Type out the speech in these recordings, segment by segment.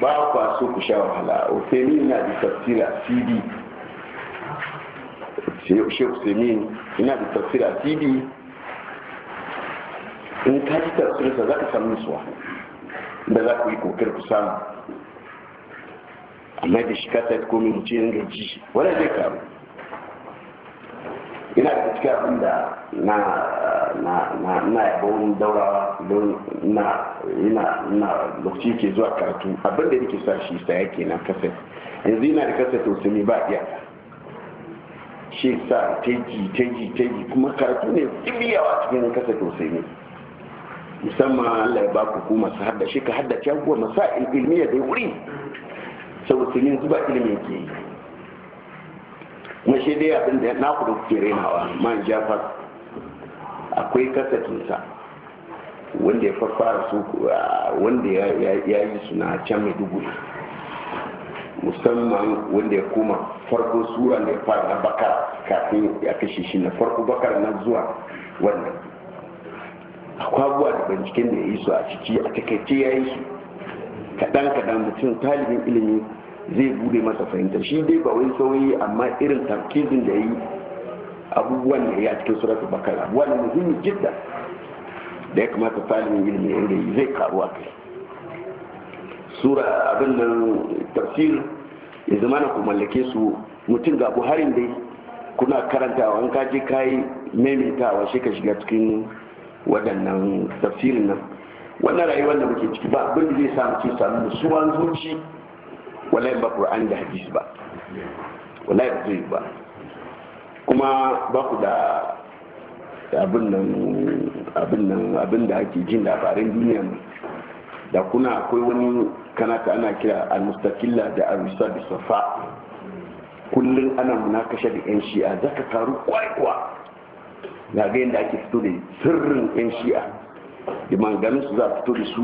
ba kwa so ku sha wahala usaimin na da tafsira cd shek usaimin ina da tafsira cd in ka ji tafsirarsa za ka samu suwa da za ku yi kokar ku samu amma da shi ka sai komi mu ce yin gaji wani zai karu ina da cikin abin da na na na na don na ina na lokaci ke zuwa karatu abin da nake sa shi yake kenan kaset yanzu ina da kaset to sai ba iya shi sa teji teji teji kuma karatu ne yawa cikin kaset to sai musamman Allah ya ba ku ku masu haddace ka haddace abubuwa masu ilmiya da wuri sau sai yanzu ba ke yi kuma dai abin da naku da kuke renawa man jafar akwai kasatinsa wanda ya fara su wanda ya yi suna can mai dubu musamman wanda ya koma farko sura da ya fara na bakar kafin ya kashe shi na farko bakar na zuwa wannan akwai abubuwa da binciken da ya yi su a ciki a takaice ya yi su kaɗan-kaɗan mutum talibin ilimi zai bude masa fahimta shi dai ba wai sauyi amma irin tarkizin da yi abubuwan da ya cikin suratul bakara wani muhimmi jidda da ya kamata talibin ilimi ya yi zai a kai sura abin nan tafsir ya zama na ku mallake su mutum ga buharin dai kuna karantawa ka kaji kayi maimaitawa shi ka shiga cikin waɗannan tafsirin nan wannan rayuwar da muke ciki ba abin da zai samu cikin samu suwan zuci wallahi ba qur'ani da hadisi ba wallahi ba zai ba kuma ba ku da abin nan abin da ake jin labarin duniya da kuna akwai wani kanata ana kira al-mustaqilla da al-rusa safa kullum ana munakasha da yan shi'a za ka taru kwaikwa na ga yadda ake fito da sirrin yan shi'a da manganin su za fito da su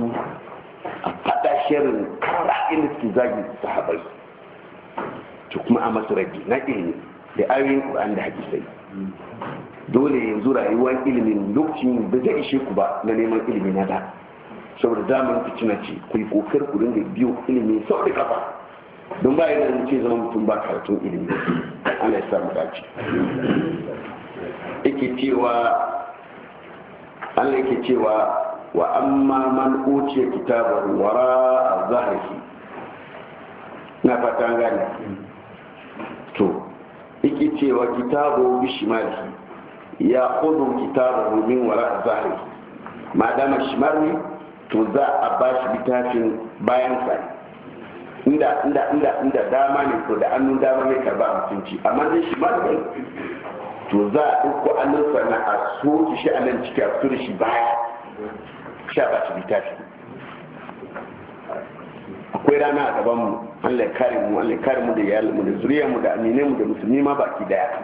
a faɗa shirin kara inda su zagi sahabai to kuma a masu rage na ilimi da ayoyin ƙur'an da hadisai dole yanzu rayuwar ilimin lokacin da zai ishe ku ba na neman ilimi na da saboda zamanin cina ce ku yi kokar ku dinga biyo ilimi sau da kafa don ba yana da ce zama mutum ba karatun ilimi ana sa mu dace ake cewa Allah yake cewa wa amma man uce kitabar wara a zahari na fatan gani to iki cewa kitabu bishimali ya kudu kitabu min wara a zahari madama dama ne to za a ba shi littafin bayan sa inda inda inda inda dama ne to da annun dama mai karba mutunci amma zai shimar ne to za a ɗauko annunsa na a soke shi a nan ciki a fito shi baya sha ba su akwai rana a gaban mu an ya mu an ya mu da yalin mu da zuriyar mu da amine mu da musulmi ma baki daya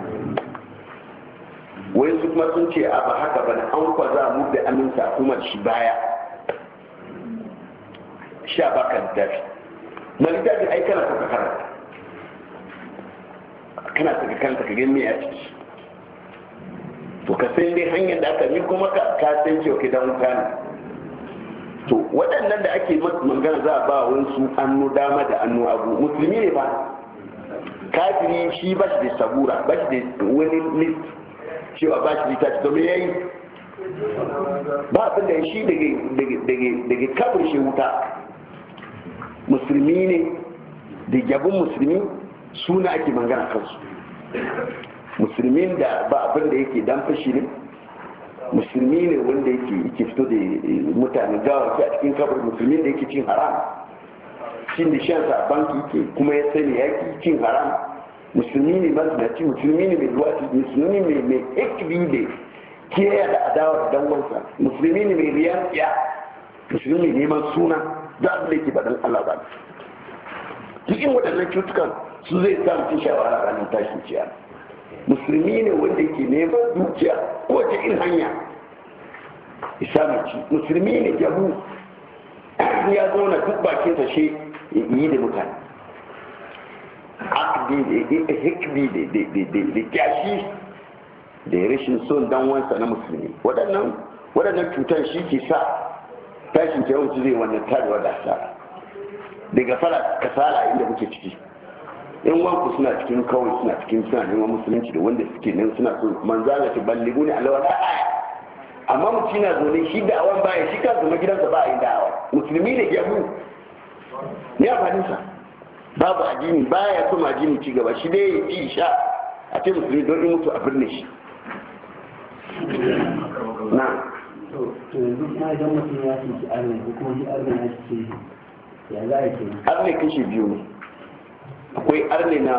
wai su kuma sun ce a ba haka ba na an kwa za mu da aminta kuma shi baya sha ba ka littafi na littafi ai kana ka kana saka kanka ka gani a ciki to ka san dai hanyar da aka yi kuma ka san cewa gidan wuta ne to waɗannan da ake magana za a ba wasu annu dama da annu abu musulmi ne ba kafiri shi ba shi da sabura ba shi da wani list cewa ba shi ta tashi yayi ba abin da shi daga kabin shi wuta musulmi ne da gyabin musulmi suna ake magana kansu musulmin da ba abin da yake dan fashi ne musulmi ne wanda yake yake fito da eh, mutane ke a cikin kabar musulmin da yake cin haram cin da shan a banki yake kuma ya sani ya cin haram musulmi ne ci musulmi ne mai luwaci musulmi ne mai ekbi da keya da adawa da danwansa musulmi ne mai riyan tsiya musulmi ne neman suna za a da ke badan allah ba waɗannan cutukan su zai sa mutum shawara ranar tashin ciyar musulmi ne wanda ke neman dukiya ko ta in hanya isamici musulmi ne jabu ya zauna duk bakin sa ya yi da mutane akdi da hikbi da kyashi da rashin son dan wansa na musulmi waɗannan waɗannan cutar shi ke sa tashin kyawun su zai wannan tarewa da asara daga fara kasala inda muke ciki in wanku suna cikin kawai suna cikin suna neman musulunci da wanda suke nan suna so manzana ce balligu ne alawa amma mutum na zo shi da awan baya shi kan zama gidansa ba a yi da'awa musulmi da mu ne a sa babu addini baya so ma addini ci gaba shi dai ya ci sha a ce musulmi don in mutu a birne shi na to yanzu kuma idan mutum ya ci kuma shi ya ce ya za a biyu ne akwai arne na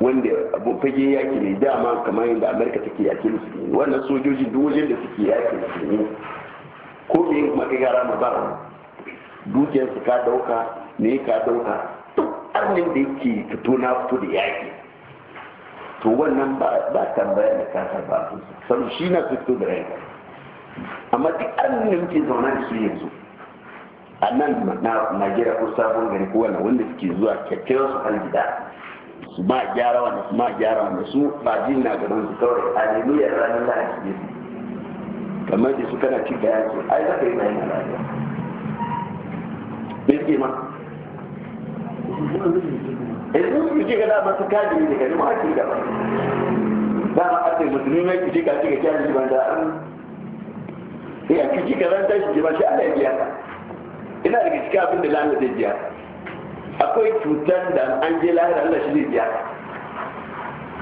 wanda fage yaki ne dama kamar yadda amerika take yaki musulmi wannan sojoji duk wajen da suke yaki musulmi ko me kuma kai gara ma ba dukiyar su ka dauka ne ka dauka duk arnin da yake fito na fito da yaki to wannan ba tambaya da ta ba su shi na fito da rai amma duk arnin da yake zauna da shi yanzu a nan na gira ko sabon gari ko wani wanda suke zuwa kyakkyawar su har gida su ma gyara wanda su ma gyara wanda su ba jin na gaban su kawai hallelujah ranar ake ne kamar da su kana cika ya ce ai za ka yi na rayuwa me suke ma yanzu eh, su ce ga dama su kaji ne daga nima ake gaba dama ake musulmi mai kuje ce ga kyanin ban da an sai a kiji ka zan ba shi ana yi biya ka ina daga cikin abin da lahira zai biya akwai cutar da an je lahira Allah shi zai biya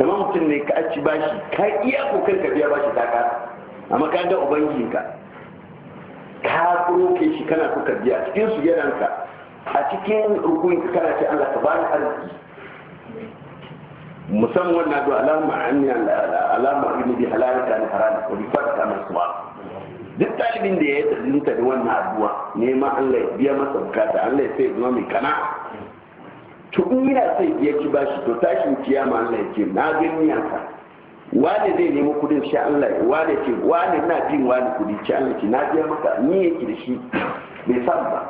kamar mutum ne ka ci bashi ka iya kokar ka biya bashi taka amma ka ga ubangijinka ka roke shi kana so ka biya cikin su yaranka a cikin rukun ka kana ce Allah ka bani arziki musamman na da alama anni alama ibn bi halalika ni haram ko bi fatta masuwa duk talibin da ya yi tsarinta da wannan addu'a nema Allah ya biya masa bukata Allah ya sai zuwa mai kana to in yana sai biya ki bashi to tashi tashin ma Allah ya ce na gani yanka wane zai nemi kudin shi Allah ya wane ce wane na jin wani kudi ci Allah ce na biya maka ni yake da shi bai san ba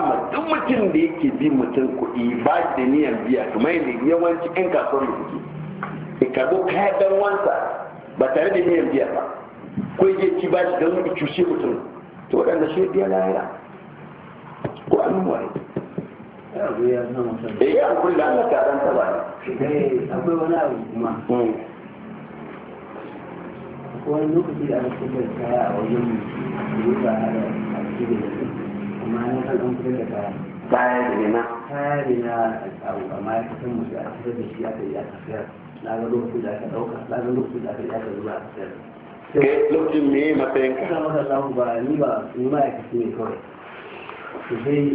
amma duk mutum da yake bi mutum kudi ba da niyan biya kamar yadda yawanci 'yan kasuwar da kuke ka zo kayan wansa ba tare da niyan biya ba ko yake ci ba shi don ku cushe mutum to waɗanda shi biya lahira ko an nuna ne yi an kulla an ka ba taba ne akwai wani abu kuma hmm. wani lokaci da aka fitar da kaya a wajen mu da ya da a cikin da amma na kan an fitar da kaya kaya da na kaya ne na amma ya fitar musu a fitar da shi aka yi aka fitar na ga lokacin da aka ɗauka na ga lokacin da aka yi aka zuba a fitar kai lokacin me matsayin ka ba ni ba yi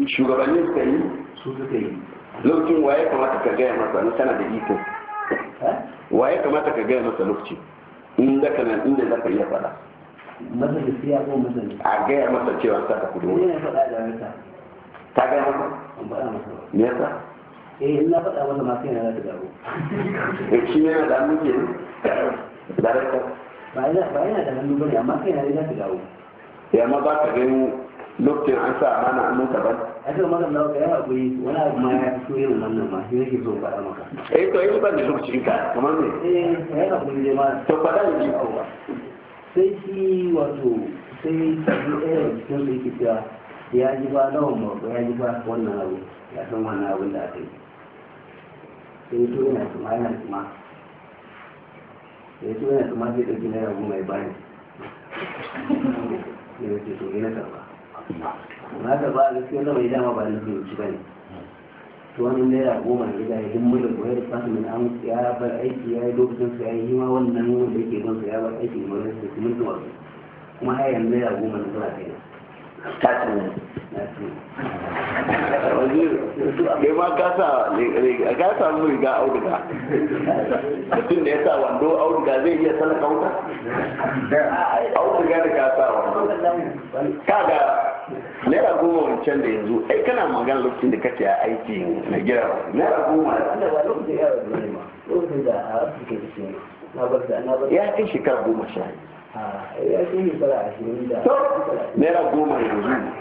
su lokacin waye kamata ka gaya masa na kana da iko waye kamata ka gaya masa lokacin inda kana inda zaka iya faɗa masa gaskiya ko masa a gaya masa cewa sa ka kudu ne faɗa da masa ta gaya masa me yasa eh ina faɗa masa ma sai na da dawo eh, shi ne da muke da rasa ba yana da hannu bane amma kai na ne na gawo. ya ma ba ka gani lokacin an sa mana hannun ka ba a ce mana lawa kai hakuri ya maka ban da lokacin ka kamar ya to faɗa ne sai shi wato sai ɗaya da cikin su ya ji ba lawan mako ya ji ba wannan abu ya san wannan abin da aka yi sai to yana tuma yana tuma ya ce wani kuma zai ɗauki naira goma ya bani da ya ce to na karba na karba a gaskiya zama ya dama ba nufin ci ba ne to wani naira goma ya gida ya dimmu da koyar da fasu an ya bar aiki ya yi lokacin su ya yi hima wannan wanda yake don su ya bar aiki ne wani su kuma zuwa kuma hayan yanzu naira goma na zuwa kai na. kai ma ka sa ka samu riga auduga mutum da ya sa wando auduga zai iya wuta auduga da wando kaga naira goma wancan da yanzu ai kana lokacin da kake a aiki na gira naira goma ya kai shekara goma sha ah, ya kai shekara ashirin da naira goma yanzu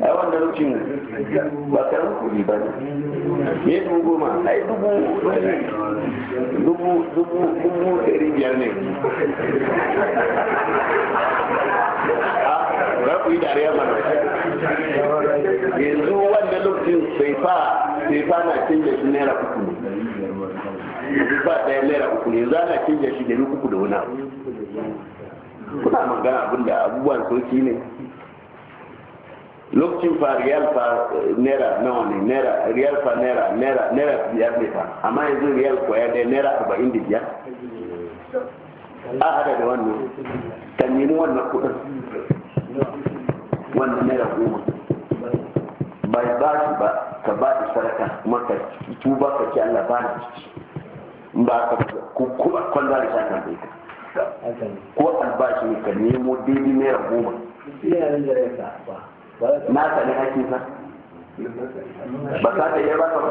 ai wannan rufin ba karamin kuɗi ba ne ya dubu goma ai dubu dubu dubu dubu ɗari biyar ne ah, za ku yi dariya mana yanzu wanda lokacin sai fa sai fa na canja shi naira uku ne ba ɗaya naira uku ne za na canja shi da uku da wani abu kuna magana abinda abubuwan soki ne lokacin fa riyal fa naira nawa ne naira riyal fa naira naira naira biyar ne fa amma yanzu riyal kwaya ɗaya naira arba'in da biyar a hada da wannan ka nemi wannan kuɗin wannan naira goma bai ba shi ba ka ba shi saraka kuma ka tuba ka ci Allah ba ni in ba ka kuma kwanda da shi kan bai ko albashi ne ka nemo daidai naira goma naka ne haƙi ba ba ka ta yi ba ka ba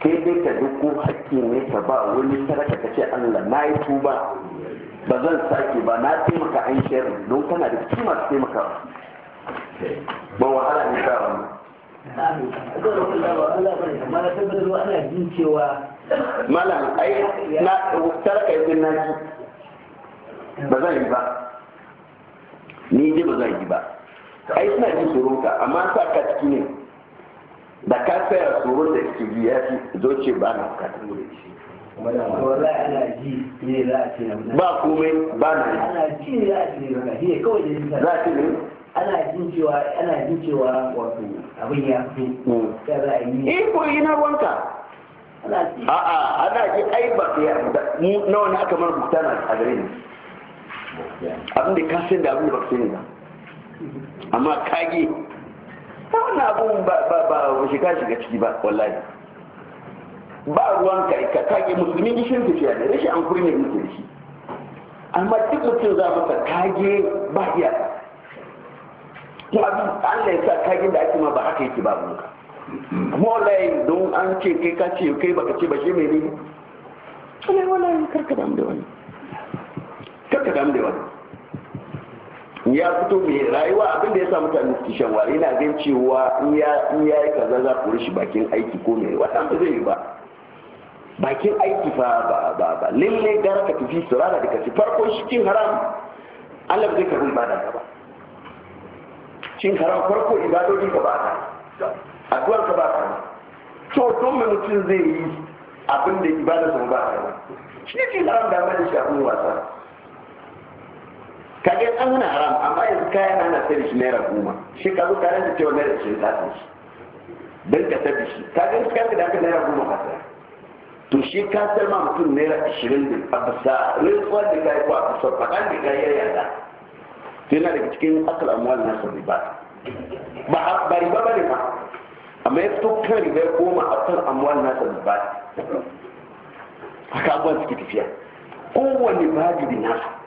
kai dai ka duk haƙƙi ne ka ba wani sadaka ka ce Allah na yi tuba ba zan sake ba na taimaka an shirin don kana da kima su taimaka ba wahala ne ka wani malam ai na sadaka yi na ba zan yi ba ni je ba zan yi ba ai suna jin tsoron ka amma sa ka ciki ne da ka tsaya tsoron da suke ji ya fi zoce ba na bukatun mu da shi ba komai ba na ana ji ne za a ce ba shi kawai da za a ce ne ana jin cewa ana jin cewa wato abin ya fito sai hmm. za a yi eh ko ina wanka a'a ana ji ai ba ka yi nawa ne aka mana bukata a gare ni abin da ka san da abin da ba ka sani ba amma kage ta wani abun ba ba ba shiga shiga ciki ba wallahi ba ruwan kai ka kage musulmi gishirin tafiya ne rashin an kurme muke da shi amma duk mutum za masa kage ba iyaka kuma abin Allah ya sa kage da ake ma ba haka yake ba ka kuma wallahi don an ce kai ka ce kai baka ce ba shi mai ne wallahi wallahi karka damu da wani karka damu da wani ya fito mai rayuwa abin da ya sa mutane suke shan wari yana gan cewa in ya yi kaza za ku rushe bakin aiki ko mai wannan ba zai yi ba bakin aiki fa ba ba ba lalle gar ka tafi surara da kaci farko shi cin haram Allah zai karbi ibada ka ba cin haram farko ibadodi ka ba ta addu'ar ka ba ta to don mai mutum zai yi abin da ibada ta ba shi ne cin haram da ba da shi abin wasa ka ga an hana haram amma yanzu kayan ana sai da shi naira goma shi ka zo ka rasa cewa naira shi za ta shi don ka sai shi ka ga shi da aka naira goma ka saya to shi ka sai ma mutum naira ashirin da a bisa rantsuwar da ka yi ko a bisa faɗan da ka yi da to yana daga cikin asal amwal na sauri ba ba a riba ba ne ma amma ya fito kan riba ya koma kan amwal na sauri ba haka abubuwan suke tafiya kowane babi da nasu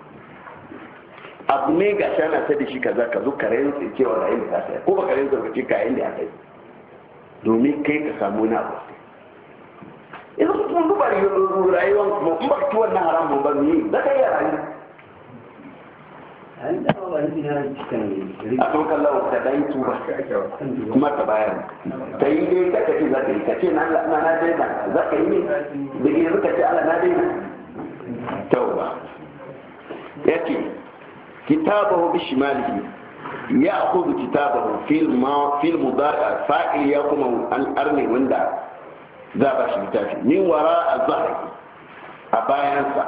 abu ne ga shana ta da shi kaza ka zo ka rantsa cewa ga inda kasa saya ko ba ka rantsa ka ce ga ya aka yi domin kai ka samu na abu idan kuma duba rayuwar kuma in ba ki wannan haramun ba ne za ka a rayu a tun kallon ka dan tuba kuma ka bayar ta yi dai ka kace za ka yi ka ce na na na za ka yi ne da yanzu ka ce ala na daina tauba ce كتابه بشماله يأخذ كتابه في fil في المضارع فاعل يقوم ya kuma an ذا wanda za من وراء littafi min wara a bayansa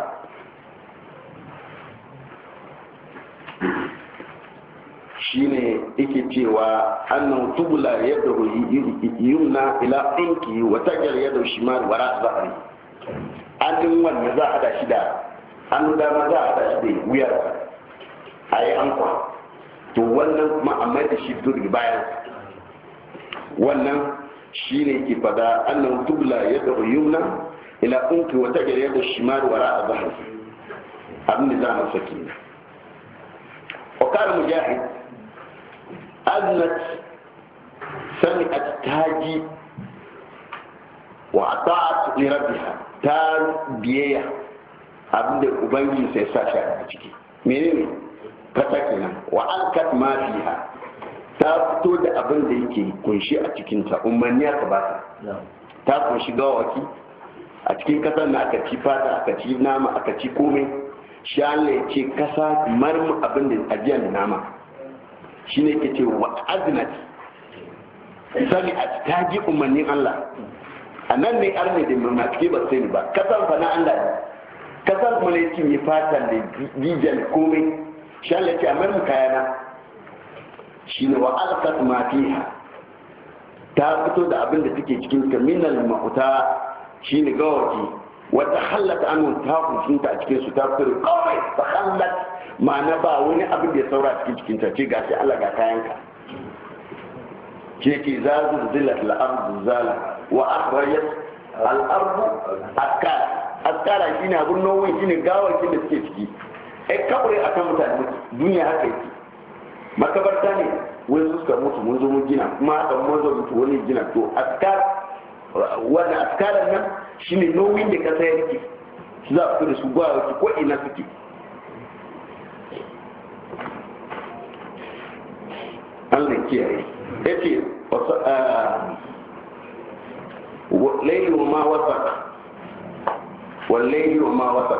shine yake cewa annan tubula yadda yumna ila ɗinki wata jar yadda shi ma wara zahari an din wannan za a da shi da hannu dama za a da shi da wuyar ai an kwa to wannan kuma a mai da shi durgi bayan wannan shi ne ke fada annan tubla ya da yumna ila unki wata gare da shimar wara a zahar abin da za mu saki ne wakar mujahid aznat sani a taji wa a li rabbiha ta biyayya abin da ubangiji sai sa shi a ciki menene fata kenan wa alkat ma fiha ta fito da abin da yake kunshi a cikin ta umarni aka ba ta ta kunshi gawaki a cikin kasar na aka ci fata aka ci nama aka ci komai shi Allah ya ce kasa marmu abin da ajiyar da nama shine yake ce wa aznat sani a ta ji umarnin Allah a nan ne arne da munafiki ba sai ba kasar fa na Allah kasar kuma ne ci yi fata da jijal komai shi Allah ce kayana shi ne wa alqat ma fiha ta fito da abin da take cikin ta minal mahuta shi ne gawaki wata hallat anu ta hukunta a cikin su ta fito kawai ta hallat ma'ana ba wani abin da ya saura cikin cikin ta ce shi Allah ga kayanka ke yake zazu zilat al-ardu zala wa akhrajat al-ardu shi akala shine abun nowin shine da suke ciki ai kabure kan mutane duniya haka yake makabarta ne wani suka mutu mun zo mun gina kuma haka mun zo mutu wani gina to askar wannan askaran nan shine nauyin da kasa ya su za a da su ba gwa ko ina suke Allah kiyaye yake ah, laili ma wasa wallahi ma wasa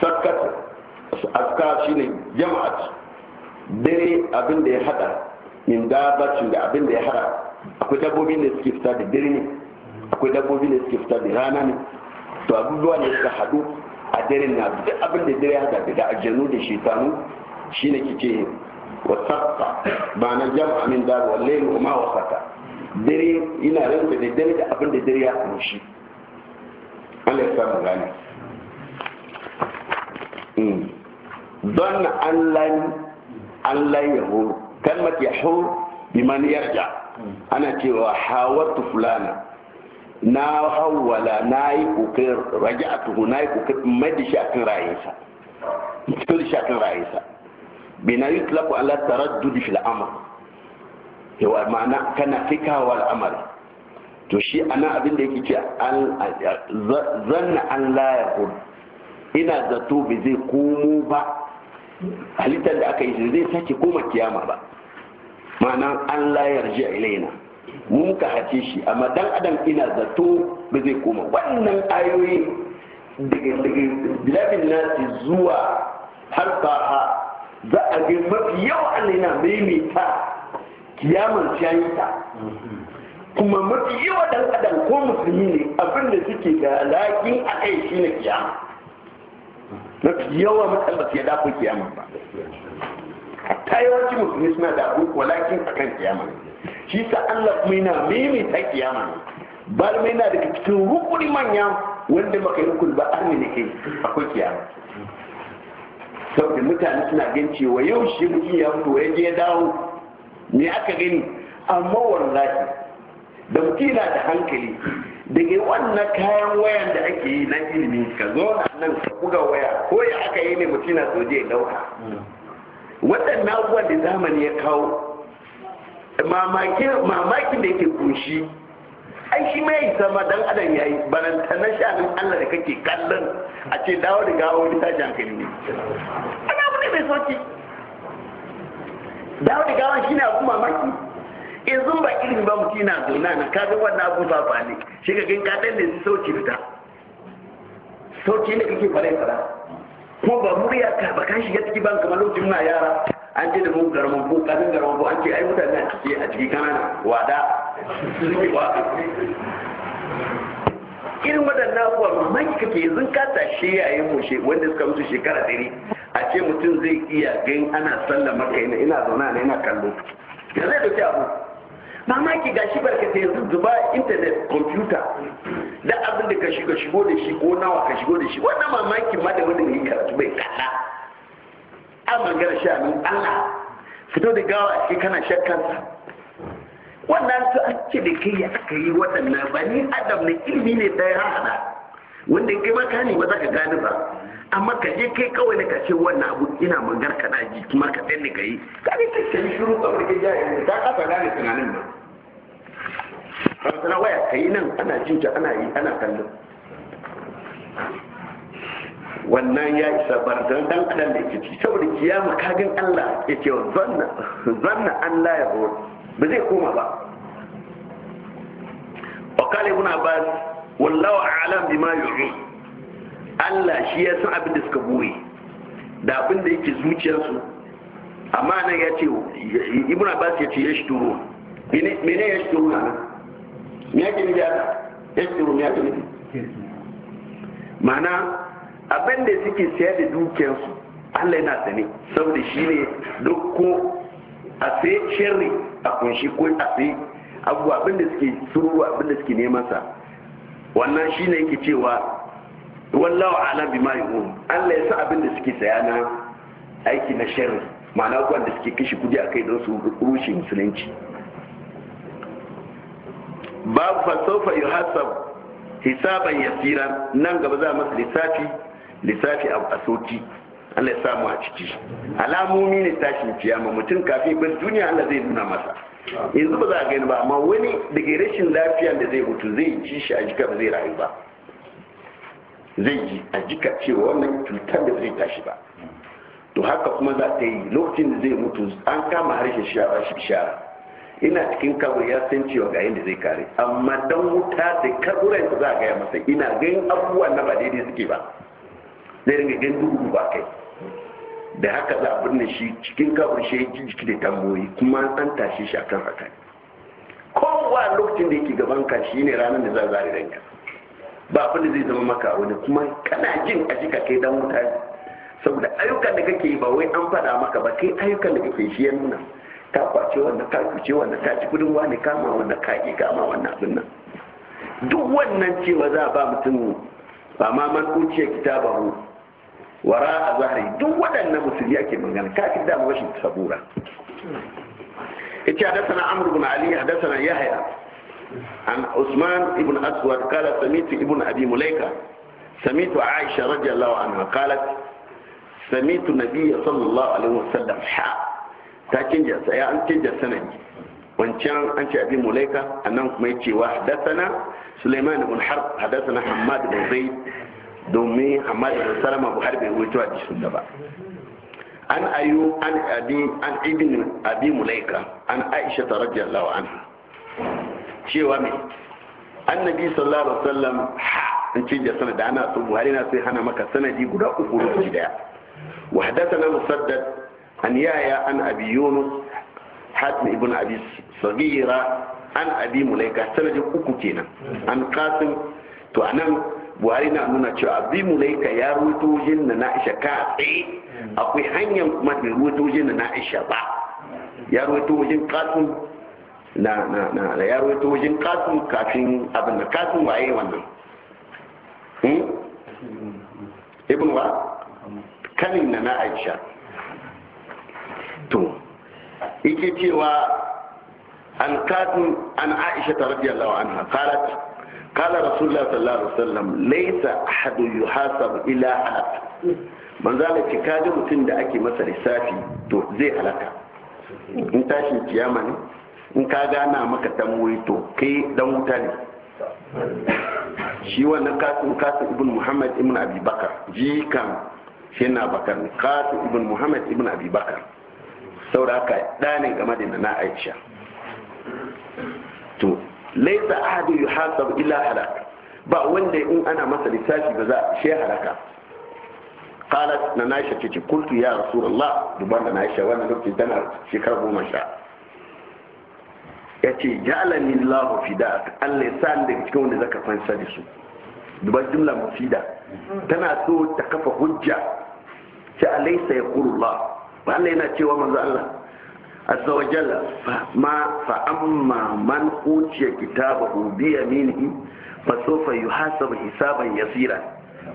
sakkata askar shine jama'at dare abin da ya hada min dabacin da abin da ya hada akwai dabbobi ne suke fita da dare ne akwai dabbobi ne suke fita da rana ne to abubuwa ne suka hadu a dare na duk abin da dare ya hada da aljanu da shitanu shine kike wasaffa ba na jama'a min dar wallahi ma wasata dare ina rantsa da dare da abin da dare ya kunshi Allah ya samu gani Hmm. don an lan yahur kalmat yahur man yarja hmm. ana cewa hawatu fulana na hawala na yi kokarin raja a tuhu na yi kokarin mai da shi akan rayuwarsa mutum shi akan rayuwarsa bina yi tulaku ala taraddudi fil amr yawa ma'ana kana fikawa al'amari to shi ana abin da yake ce zanna an la hudu. ina zato bai zai komo ba halittar da aka yi zai sake koma kiyama ba ma'ana an layar ji ilaina mun ka hace shi amma dan adam ina zato ba zai koma wannan ayoyi daga bilabin nasi zuwa har ha za a ga mafi yawa Allah yana maimaita kiyaman ta kuma mafi yawa dan adam ko musulmi ne abinda suke da lakin a kai na kiyama mafi yawa matsalar ya dafa kiyama ba hatta yawanci musulmi suna da walakin a kan kiyama ne shi sa Allah kuma yana maimaita kiyama ne bal mai na daga cikin rukuni manya wanda maka yi rukuni ba arni ne kai akwai kiyama saboda mutane suna gan cewa yau shi mutum ya fito ya je ya dawo me aka gani amma wallahi da mutum na da hankali daga wannan kayan wayan da ake yi na ilimi ka zo nan buga waya ko ya aka yi ne mutum na soje ya dauka waɗannan abubuwa da zamani ya kawo mamakin da yake kunshi ai shi mai yi sama dan adam ya yi baranta na sha'anin allah da kake kallon a ce dawo da gawo wani ta hankali ne ana abu ne mai sauki dawo da gawon shi ne abu mamaki in zumba ba irin ba mutum na zauna na kaga wannan abu ba ne shi ka gan kaɗan ne su sauki fita sauki ne kake bare fara ko ba murya ka ba kan shiga ciki ban kamar lokacin muna yara an ce da mu garman ko kafin garman ko an ce ai mutane a ciki a ciki kanana wada suke irin waɗannan abubuwa mamaki kake yanzu ka tashe yayin mu wanda suka mutu shekara ɗari a ce mutum zai iya gan ana sallama kai ina zauna ne ina kallo yanzu ya dauki abu mamaki ga shi barka ta yanzu zuba internet computer da abin da ka shiga shigo da shi ko nawa ka shigo da shi wannan mamaki ma da wani ne karatu bai kada a magana shi amin Allah fito da gawa a cikin kana sa wannan su a ce da kai ya aka yi waɗannan ba ni adam ne ilimi ne da ya hana wanda kai ma ka ne ba za ka gani ba amma ka je kai kawai ne ka ce wannan abu ina mangar kana ji kuma ka ne ka yi ka ne kai shiru kawai da ke jaya ta kafa gane tunanin ba harsana waya ka yi nan ana jinta ana yi ana kallon wannan ya isa bardan dan adam da yake ci saboda kiyama kagin Allah yake wa zanna zanna Allah ya zo ba zai koma ba wa kale ibn abbas wallahu a'lam bima yu'un Allah shi ya san abin da suka buri da abin da yake zuciyarsu amma nan ya ce ibn abbas ya ce ya shi turo mene ya shi turo nan miya gini da ekiru miya gini mana abin da suke siya da dukiyarsu Allah yana sani saboda shi ne duk ko a sai shirri a kunshi ko a sai abubuwa abin da suke suru abin da suke neman sa wannan shi ne yake cewa wallahu alam bima yuhun Allah ya sa abin da suke saya na aiki na shirri ma'ana wanda suke kashe kudi a kai don su rushe musulunci babu fasofa hasa hisaban yasira nan gaba za masa lissafi lissafi a soki Allah ya samu a ciki alamomi ne tashin kiyama mutum kafin bar duniya Allah zai nuna masa yanzu ba za a gani ba amma wani daga rashin lafiya da zai hutu zai ji shi a jika ba zai rayu ba zai ji a jika cewa wannan cutar da zai tashi ba to haka kuma za ta yi lokacin da zai mutu an kama harshen shara shi shara ina cikin kawo ya san cewa ga yadda zai kare amma dan wuta da kaburan su za a gaya masa ina ganin abubuwan na ba daidai suke ba zai ringa ganin duk ba kai da haka za a birne shi cikin kawo shi ya jiki da tamboyi kuma an tashi shi akan haka kowa lokacin da yake gaban ka shi ne ranar da za a zare ranka ba abin da zai zama maka wani kuma kana jin a jika kai dan wuta saboda ayyukan da kake ba wai an faɗa maka ba kai ayyukan da kake shi ya nuna ka kwace wannan ka kuce wannan ka ci kudin wani kama wannan ka ki kama wannan abin nan duk wannan cewa za a ba mutum ba ma man kuce kitabahu wara a zahari duk waɗannan musulmi ake magana ka ki dama washin sabura ita hadasana amru bin ali hadasana yahya an usman ibn aswad قال samitu ibn abi mulaika samitu aisha radiyallahu anha عنها samitu nabiyya sallallahu alaihi wasallam ha ta canja sa ya an canja sanadi wancan an ce abin mulaika anan kuma yake wa hadathana sulaiman ibn harb hadathana Hamad ibn zaid domin hamad ibn salama bu harbi wato hadisin da ba an ayu an abi an ibn abi mulaika an aisha radiyallahu anha cewa mai annabi sallallahu alaihi wasallam in da sanadi ana so buhari na sai hana maka sanadi guda uku rubuci daya وحدثنا مسدد an yaya an abi yunus hatim ibn abi sagira an abi mulaika sanadin uku kenan an kasim to anan buhari na nuna cewa abi mulaika ya ruwaito wajen na aisha ka tsaye akwai hanyar kuma da ruwaito wajen na aisha ba ya ruwaito wajen kasim na na na ya ruwaito wajen kasim kafin abin da kasim waye wannan ibn wa kanin na na aisha to yake cewa an kadu an aisha ta radiyallahu anha qalat qala rasulullah sallallahu alaihi wasallam laysa ahadu yuhasab ila ahad manzo Allah ce kaji mutum da ake masa lissafi to zai halaka in tashin kiyama ne in ka gana maka tamboyi to kai dan wuta ne shi wannan kasin kasin ibn muhammad ibn abi bakar jikan shi na bakar kasin ibn muhammad ibn abi bakar sauraka haka ɗanin game da na aisha to laisa ahadu yuhasabu illa halak ba wanda in ana masa lissafi ba za shi halaka qalat na naisha ce kuntu ya rasulullah duban da aisha wannan lokacin tana shekar goma sha yace ja'alani allah fida Allah ya sa daga cikin wanda zaka fansa da su duban jumla mufida tana so ta kafa hujja ta alaysa yaqulullah Allah yana cewa manzo Allah azza wa jalla ma fa amma man utiya kitabahu bi yaminihi fa sawfa yuhasabu hisaban yasira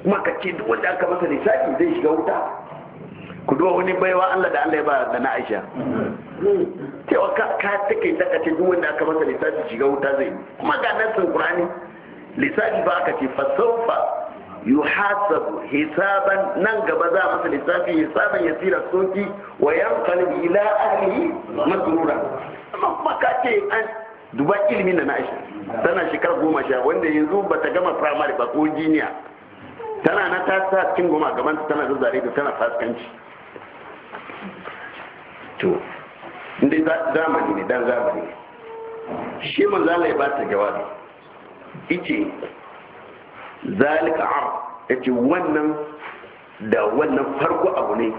kuma ka ce wanda aka masa lissafi zai shiga wuta ku duwa wani baiwa Allah da Allah ya ba da na Aisha cewa ka ka take ta kace duk wanda aka masa lissafi shiga wuta zai kuma ga nan sun Qur'ani lissafi ba aka ce fa sawfa yuhasabu hisaban nan gaba za masa lissafi hisaban ya tsira soki wa yanqalibu ila ahlihi masrura amma kuma ka ce an duba ilimin da tana shekara goma sha wanda yanzu bata gama firamare ba ko jiniya tana na ta sa cikin gaban tana zazzare da tana fasikanci to inda zamani ne dan zamani ne shi manzala ya ba ta jawabi ice zalika am yace wannan da wannan farko abu ne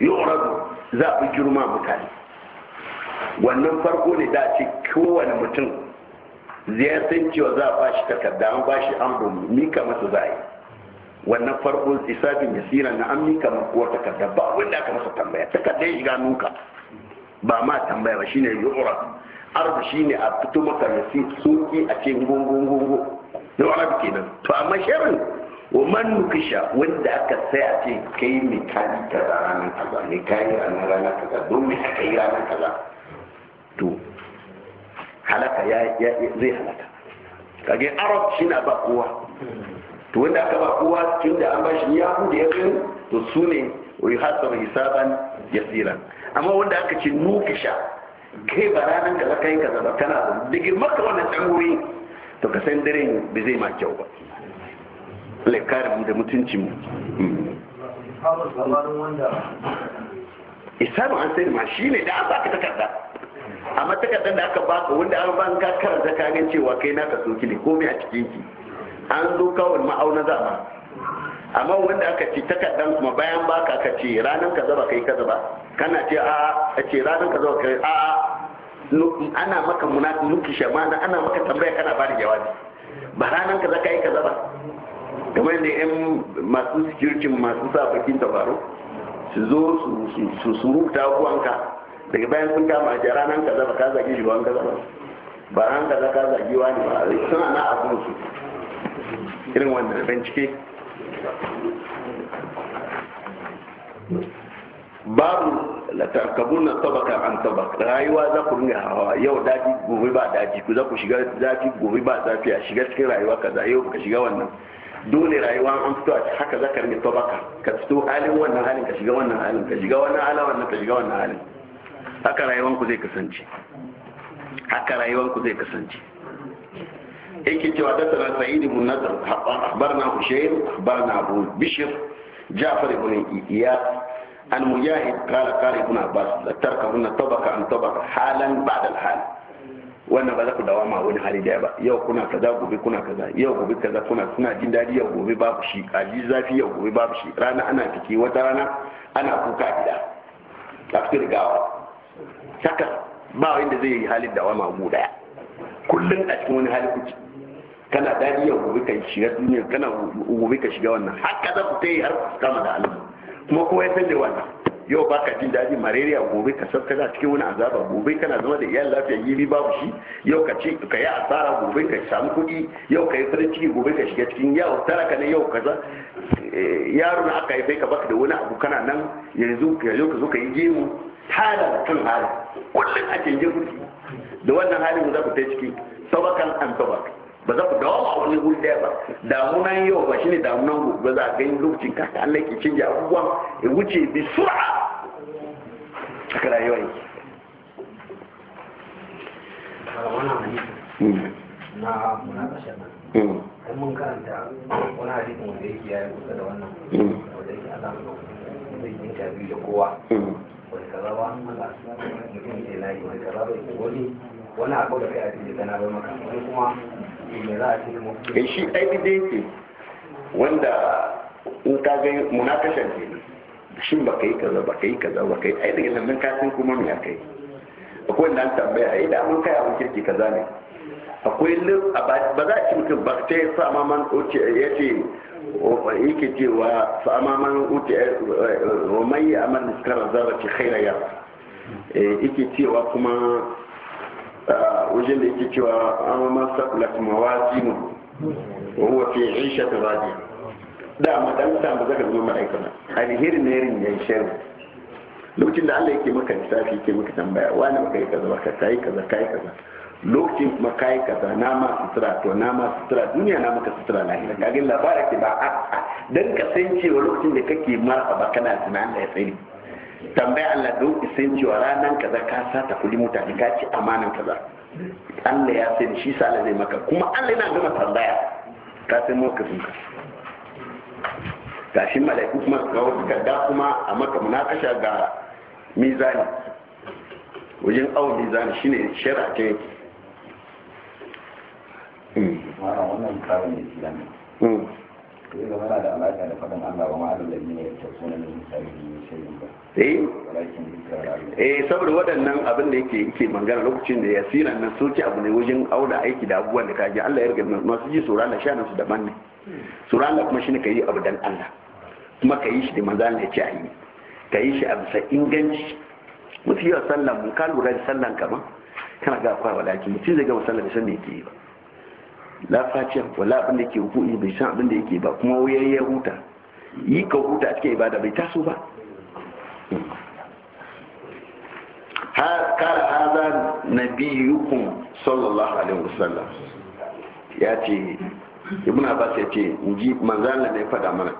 yuradu za a girma mutane wannan farko ne da ce kowane mutum zai san cewa za a bashi takarda an bashi an mika masa za a wannan farko isafin yasira na an mika maka takarda ba wanda aka masa tambaya takarda ya shiga nuka ba ma tambaya ba shine yura arba shine a fito maka rasit soki a ce gungungungun na arab kenan to amma sharrin wa man nukisha wanda aka sai a ce kai mai kayi ta ranar kaza mai kayi ranar ranar kaza don mai aka yi ranar kaza to halaka ya zai halaka kage arab shi na ba kowa to wanda aka ba kowa cikin da an bashi ya hude ya kai to su ne wa yuhasabu hisaban tsira amma wanda aka ce nukisha kai ba ranar kaza kai kaza ba kana da digir maka wannan dan to ka san dare ba zai ma kyau ba le karbu da mutuncin mu isamu an sai ma shi ne da an baka takarda amma takardar da aka baka wanda an ban ka karanta ka gan cewa kai naka soki ne komai a cikin ki an zo kawai ma'auna za ma amma wanda aka ci takardar kuma bayan baka ka ce ranar ka zaba kai ka zaba, kana ce a a ce ranar ka zaba kai a a ana maka munafiki shamana ana maka tambaya kana ba da jawabi ba ranar kaza zaka yi kaza ba kamar yadda yan masu security masu sa bakin tabaro su zo su surubuta kuwanka daga bayan sun kama a ranar kaza ba ka zage shi ba kaza ba ba ran kaza ka zage ne ba suna a kuma su irin wannan bincike babu latakabuna tabaka an tabaka rayuwa za ku ringa hawa yau daji gobe ba daji ku za ku shiga daji gobe ba zafi a shiga cikin rayuwa kaza yau ka shiga wannan dole rayuwa an fito a haka za ka ringa tabaka ka fito halin wannan halin ka shiga wannan halin ka shiga wannan halin wannan ka shiga wannan halin haka rayuwan ku zai kasance haka rayuwan ku zai kasance yake cewa da sana sa'id ibn nadr akhbarna hushaym akhbarna abu bishr ja'far ibn iyas المجاهد قال da ابن عباس تركهن an عن halan ba da الحال wannan ba za ku dawa ma wani hali daya ba yau kuna kaza gobe kuna kaza yau gobe kaza kuna kuna jin daɗi yau gobe ba ku shi a zafi yau gobe ba ku shi rana ana fiki wata rana ana kuka gida a fitar gawa saka ba wanda zai yi halin dawa ma mu daya kullum a cikin wani hali kuke kana daɗi yau gobe ka shiga duniya kana gobe ka shiga wannan haka za ku ta yi har kama da alamu kuma kuma ya san da wannan yau ba ka jin daɗi malaria gobe ka san kana cikin wani azaba gobe kana zama da iyalin lafiya gili babu shi yau ka ce ka yi asara gobe ka samu kuɗi yau ka yi farin ciki gobe ka shiga cikin yau tara ka ne yau kaza eh, yaro na aka haife ka baka da wani abu kana nan yanzu ka zo ka zo ka yi gemu hala kan hala kullum a canje kuɗi da wannan halin za ku ta ciki sabakan an sabakan ba za ku dawo a wani wuri daya ba damunan yau ba shine damunan gobe ba za a gani lokacin kaka Allah ke canja abubuwan ya wuce bi sura haka rayuwa yake na munakashin nan mun karanta wani hadisin wanda yake yayi kusa da wannan wanda yake Allah zai yi interview da kowa wani kaza ba Allah mutum ke layi wani kaza ba wani wani abu da kai a cikin sana bai maka wani kuma me za a ce mu aiki shi evidence wanda in ka ga munakashan ne shin ba kai kaza ba kai kaza ba kai aiki daga nan ka san kuma me kai akwai nan tambaya ai da mun kai abin kirki kaza ne akwai ba za a ci mutum ba ta yi fa'amaman oce ya ce yake cewa fa'amaman oce eh, eh, wa mai aman kara zara ce khaira ya eh, yake cewa kuma wajen da yake cewa an masa latmawazinu wa huwa fi ishat radiya da ma dan san ba zaka zo ma'aikata alherin na rin yayin sharri lokacin da Allah yake maka lissafi yake maka tambaya wani baka yi kaza ka kai kaza kai kaza lokacin kuma kai kaza na ma sutura to na ma sutura duniya na maka sutura lahira kagin labarin ke ba a a. dan ka san kasancewa lokacin da kake maraba kana tunanin da ya tsari tambaya Allah don isan cewa ranar kaza ka ta kuli mutane ka ci amanan kaza Allah ya sani shi sa Allah zai maka kuma Allah yana gama tambaya ka sai mu ka shi mala'iku kuma ga wasu kadda kuma a maka munakasha ga mizani wajen awon mizani shine shari'a ta yake hmm. wannan karin ne sai zama na da alaƙa da faɗin Allah wa ma'adar da ne ya tafi na min misali ne shaidun ba. Eh? eh, saboda waɗannan abin da yake yake mangana lokacin da ya sina nan soke abu ne wajen auda aiki da abubuwan da kaji Allah ya riga masu ji tsoron Allah shanan su daban ne. Tsoron da kuma shi ne ka yi abu dan Allah. Kuma ka yi shi da manzo da ya ce a yi. Ka yi shi a bisa inganci. Mutu yi wa sallan mu ka lura sallan kama kana ga akwai wadaci mutu zai ga sallan da san me yake yi ba. la wala abinda da ke ruku'i bai san abinda da yake ba kuma wuyar ya huta yi ka huta a cikin ibada bai taso ba kar haza yukun sallallahu alaihi wasallam ya ce ibn abbas ya ce in manzan ne faɗa mana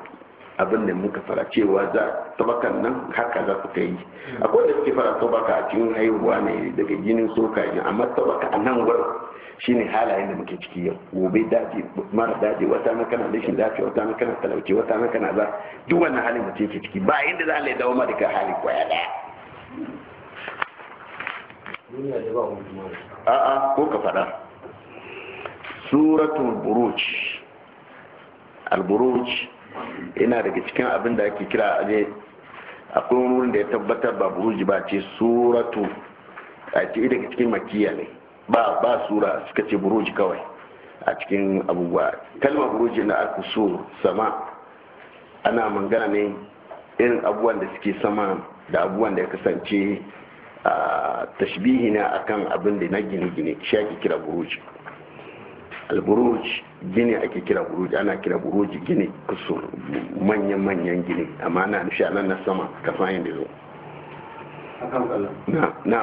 abin da muka fara cewa za tabakan nan haka za su kai akwai da suke fara tabaka a cikin haihuwa ne daga jinin soka ne amma tabaka a nan wurin shine halayen da muke ciki yau gobe daji mara daji wata na kana rashin lafiya wata na kana talauci wata na kana za duk wannan halin mutum yake ciki ba inda za a dawo ma daga hali kwaya daya a'a ko ka faɗa suratul buruj al-buruj yana daga cikin abin da ake kira ne a wurin da ya tabbatar ba buruji ba ce suratu a ce daga cikin makiya ne ba ba sura suka ce buruji kawai a cikin abubuwa kalma buruji na aka so sama ana mangana ne irin abubuwan da suke sama da abubuwan da ya kasance a tashbihi na akan abin da na gine-gine shi ake kira buruji alburuj gini ake kira buruj ana kira buruj gini kusur manyan-manyan gini amma na nufi a na sama ka fahim da zo na na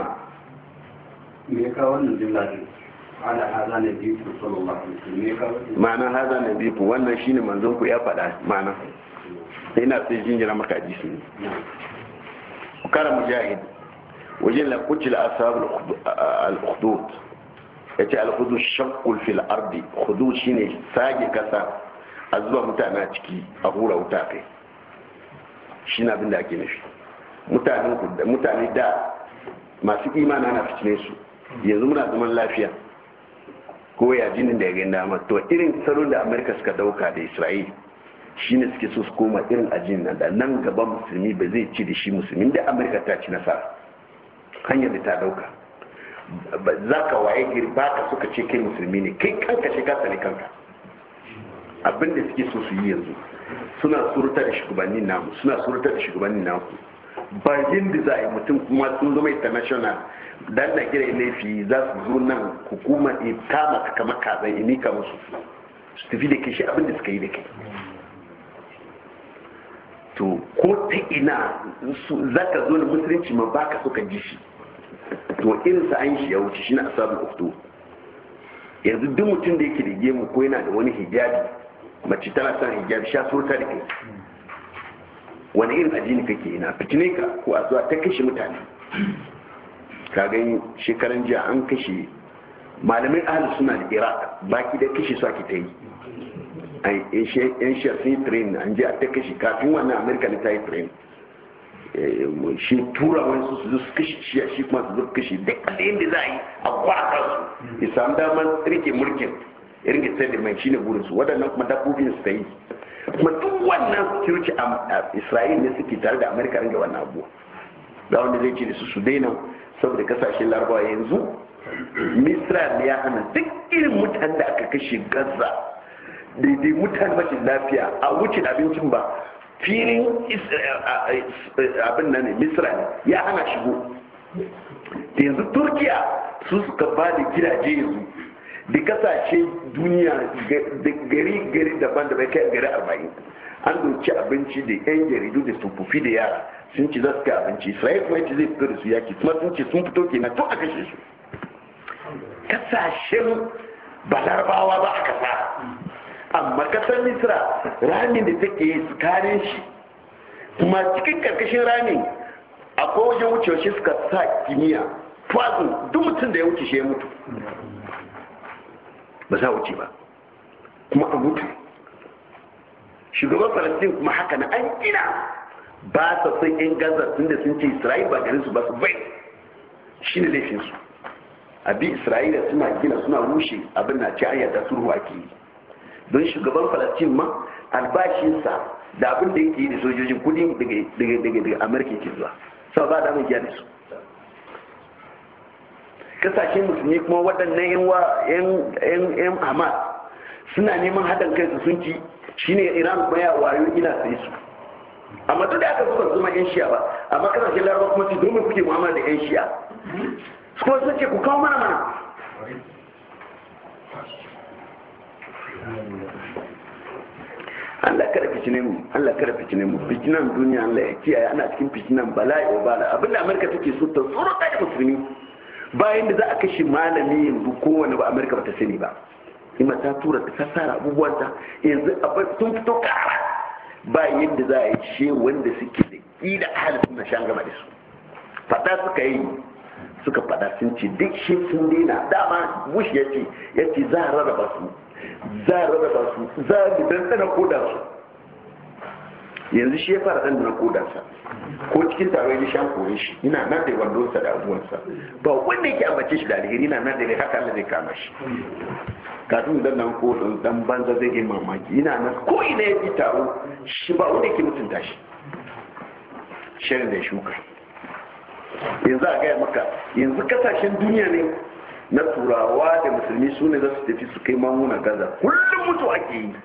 me ya kawo wannan jimla ne ala haza na biyu sallallahu ma'ana haza na biyu wannan shine manzon ku ya faɗa ma'ana ina sai jinjira maka hadisi ne kara mujahid wajen la kutil ashabul ukhdud ya ce alhudu shakkul fil ardi hudu shine sage kasa a zuba mutane a ciki a hura wuta kai shi na abin da ake nufi mutane da masu imana na fitine su yanzu muna zaman lafiya ko ya jinin da ya gani dama to irin salon da amerika suka dauka da isra'il shine suke so su koma irin ajin nan da nan gaba musulmi ba zai ci da shi musulmi da amerika ta ci nasara hanyar da ta dauka za ka waye gari ba ka suka ce kai musulmi ne kai kanka shi ka sani kanka abin da suke so su yi yanzu suna surutar da shugabannin namu suna surutar da shugabannin namu ba yadda za a yi mutum kuma sun zama international dan na gira laifi za su zo nan hukuma ne kama ka kama kazan ini ka musu su tafi da kishi abin da suka yi da kai to ko ta ina za ka zo da musulunci ma ba so ka ji shi to in sa an shi ya wuce na asabul ukhdud yanzu duk mutum da yake da gemu ko yana da wani hijabi mace tana son hijabi sha so ta da kai wani irin ajini kake ina fitine ka ko a zuwa ta kashe mutane ka gani shekaran jiya an kashe malamin ahalus suna da iraq baki da kashe su ake ta yi yan shiya sun yi train an ji a ta kashe kafin wannan amerika ne ta yi train Eh, shi tura wani su su kashe shi shi kuma su zuwa kashe duk ɗayan da za a yi a kwata su ya samu damar rike mulkin rike sai da mai shine burinsu waɗannan kuma dabbobin su ta yi kuma duk wannan security a isra'il ne suke tare da amerika ringa wannan abu da wanda zai ce da su su daina saboda kasashen larabawa yanzu misra ne ya hana duk irin mutane da aka kashe gaza daidai mutane mashin lafiya a wucin abincin ba filin abin nan ne misra ne ya hana shigo da yanzu turkiya su suka ba da gidaje yanzu da kasashe duniya da gari gari daban da bai kai gari arba'in an doki abinci da yan jaridu da tsofaffi da yara sun ci za su abinci israel kuma ci zai fito da su yaki kuma sun ce sun fito na tun a kashe su kasashen balarbawa ba a kasa amma kasar misra ramin da take yi tsakanin shi kuma cikin karkashin ramin akwai wajen wucewa shi suka sa kimiyya twazin duk mutum da ya wuce shi ya mutu ba za wuce ba kuma a mutu shugaban falastin kuma haka na an gina ba sa sun yan gaza da sun ce isra'il ba garinsu ba su bai shi ne laifinsu abi isra'ila suna gina suna rushe abin na ce ayyata su ruwa ke yi don shugaban falastin ma albashinsa da abin da yake yi da sojojin kudi daga amurka ke zuwa sau ba da mai gyara su kasashen musulmi kuma waɗannan yan yan hamas suna neman haɗin kai su sun ci shine iran kuma ya wayo ina sai su amma duk da aka zuba zuma yan shiya ba amma kasashen larabawa kuma su domin kuke mu'amala da yan shiya kuma sun ce ku kawo mana mana Allah kada fitine mu Allah mu fitinan duniya Allah ya kiyaye ana cikin fitinan bala'i wa bala abin da Amerika take so ta tsoro kai musulmi bayan da za a kashe malami yanzu kowane ba Amerika bata sani ba ima ta tura ta sassara abubuwan ta yanzu abin sun fito kara ba yadda za a yi she wanda suke da ƙida ahalin na shan gaba da su fada suka yi suka fada sun ce duk shi sun dina dama bush ya ce ya ce za a rarraba su za a rarraba su za a dandana koda su yanzu shi ya fara da kodansa ko cikin taron ya shan kore shi ina nan da sa da sa ba wanda yake ambace shi da alheri na nan da haka Allah zai kama shi kafin dan nan ko dan banza zai yi mamaki ina nan ko ina ya fi taro shi ba wanda yake mutunta shi shirin da shuka yanzu a gaya maka yanzu kasashen duniya ne na turawa da musulmi su ne za su tafi su kai mamuna gaza kullum mutu ake yi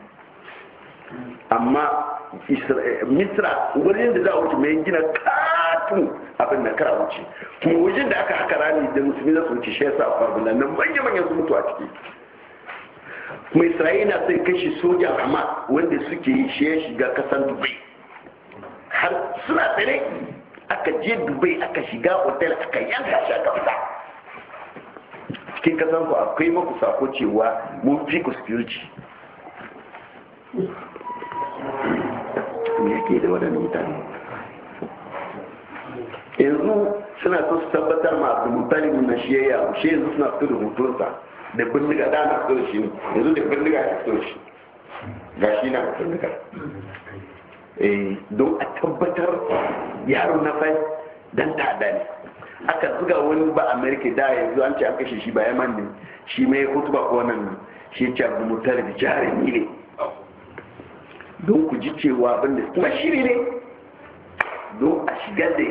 amma misra wani da za a wuce mai gina katun abin da kara wuce kuma wajen da aka haka rani da musulmi za su wuce shi yasa faru nan manya-manyan su mutu a ciki kuma isra'ila sai kashe sojan hamas wanda suke yi shi ya shiga kasan dubai har suna tsere. aka je dubai aka shiga otel aka yanka shi aka fita cikin kasan ku akwai maku sako cewa mun fi ku spiriti me yake da waɗannan mutane yanzu suna so su tabbatar ma abu mutane na shi ya yawo shi yanzu suna fito da hotonsa da bindiga da na fito da shi yanzu da bindiga ya fito da shi ga shi na bindiga Eh, don a tabbatar yaro na fai dan ta'adda ne aka zuga wani ba amerika da yanzu an ce an kashe shi ba yaman ne shi mai hutuba ko nan shi ce abu mutar da jarumi ne don ku ji cewa abin da kuma shiri ne don a shigar da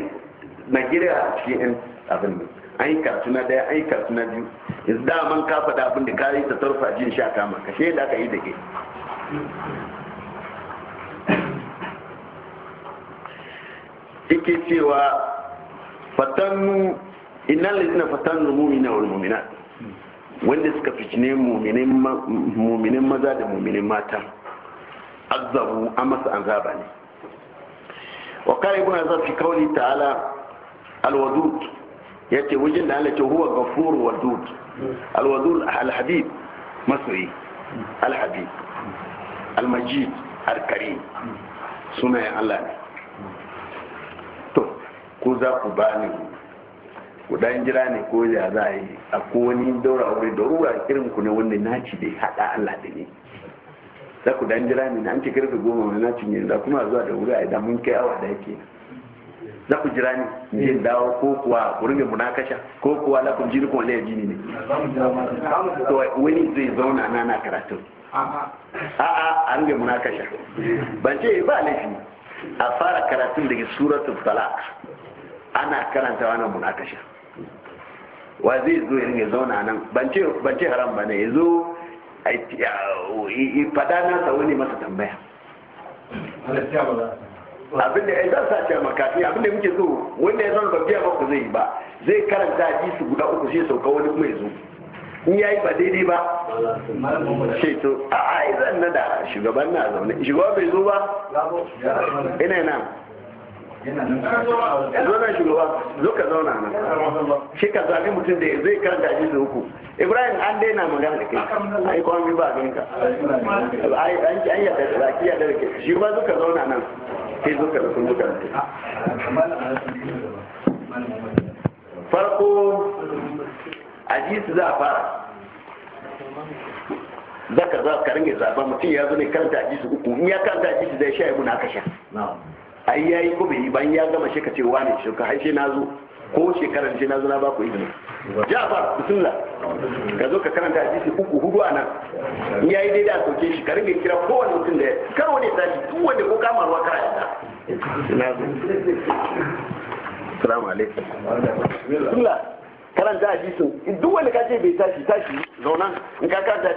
nigeria a cikin yan abin ne an yi karsuna daya an yi karsuna biyu yanzu da man kafa da abin da kayi ta tarfa jin sha kama kashe da aka yi da ke yake cewa fatannu innal ladina fatannu mu'mina wal mu'minat wanda suka fitine mu'minin maza da mu'minin mata azabu an masa azaba ne wa kare ibn azab fi kauli ta'ala alwadud ya yace wajen da Allah ce huwa ghafur wadud alwadud alhabib masri Alhabib Almajid Alkarim suna ya Allah ne to ko za ku ba ni ku dan jira ne ko ya za a yi a wani daura aure da rura irin ku ne wanda naci bai hada Allah da ni za ku dan jira ne an ce karfe goma wani naci ne za kuma zuwa da wuri a idan mun kai awa da yake za ku jira ne jin dawo ko kuwa ku muna munakasha ko kuwa la ku jini kuma laifin jini ne to wani zai zauna nana karatu a'a an ga munakasha ban ce ba laifi a fara karatun daga suratul talaq ana karanta wannan munakasha wa zai zo ya zauna nan ban ce haram ba ne ya zo fada nasa wani masa tambaya abinda ya za sa ce makafi abinda muke so wanda ya zama ba biya ba ku zai ba zai karanta hadisi guda uku sai sauka wani kuma ya zo in ya yi ba daidai ba ce to a ai zan na da shugaban na zaune shugaban bai zo ba ina yana zo na shugaba zo ka zauna nan shi ka zafi mutum da zai karanta shi su uku ibrahim an daina magana da kai ai kwan bi ba gan ka ai an ki an yadda da ki yadda da kai shi ba zo ka zauna nan sai zo ka zo ka farko a ji su za a fara za ka za ka ringa zaba mutum ya zo ne karanta a ji su uku in ya kan a ji su zai sha ibu na aka sha ai ya yi ko yi ban ya gama shi ka ce wani shi ka haishe na zo ko shekarar shi na zo na ba ku izini jafar bismillah ka zo ka karanta hadisi uku hudu a nan in ya yi daidai a soke shi ka ringa kira kowane mutum da kar wani tashi duk wanda ko kama ruwa kara yadda na zo salamu alaikum bismillah karanta hadisin duk wanda ka ce bai tashi tashi zaunan in ka karanta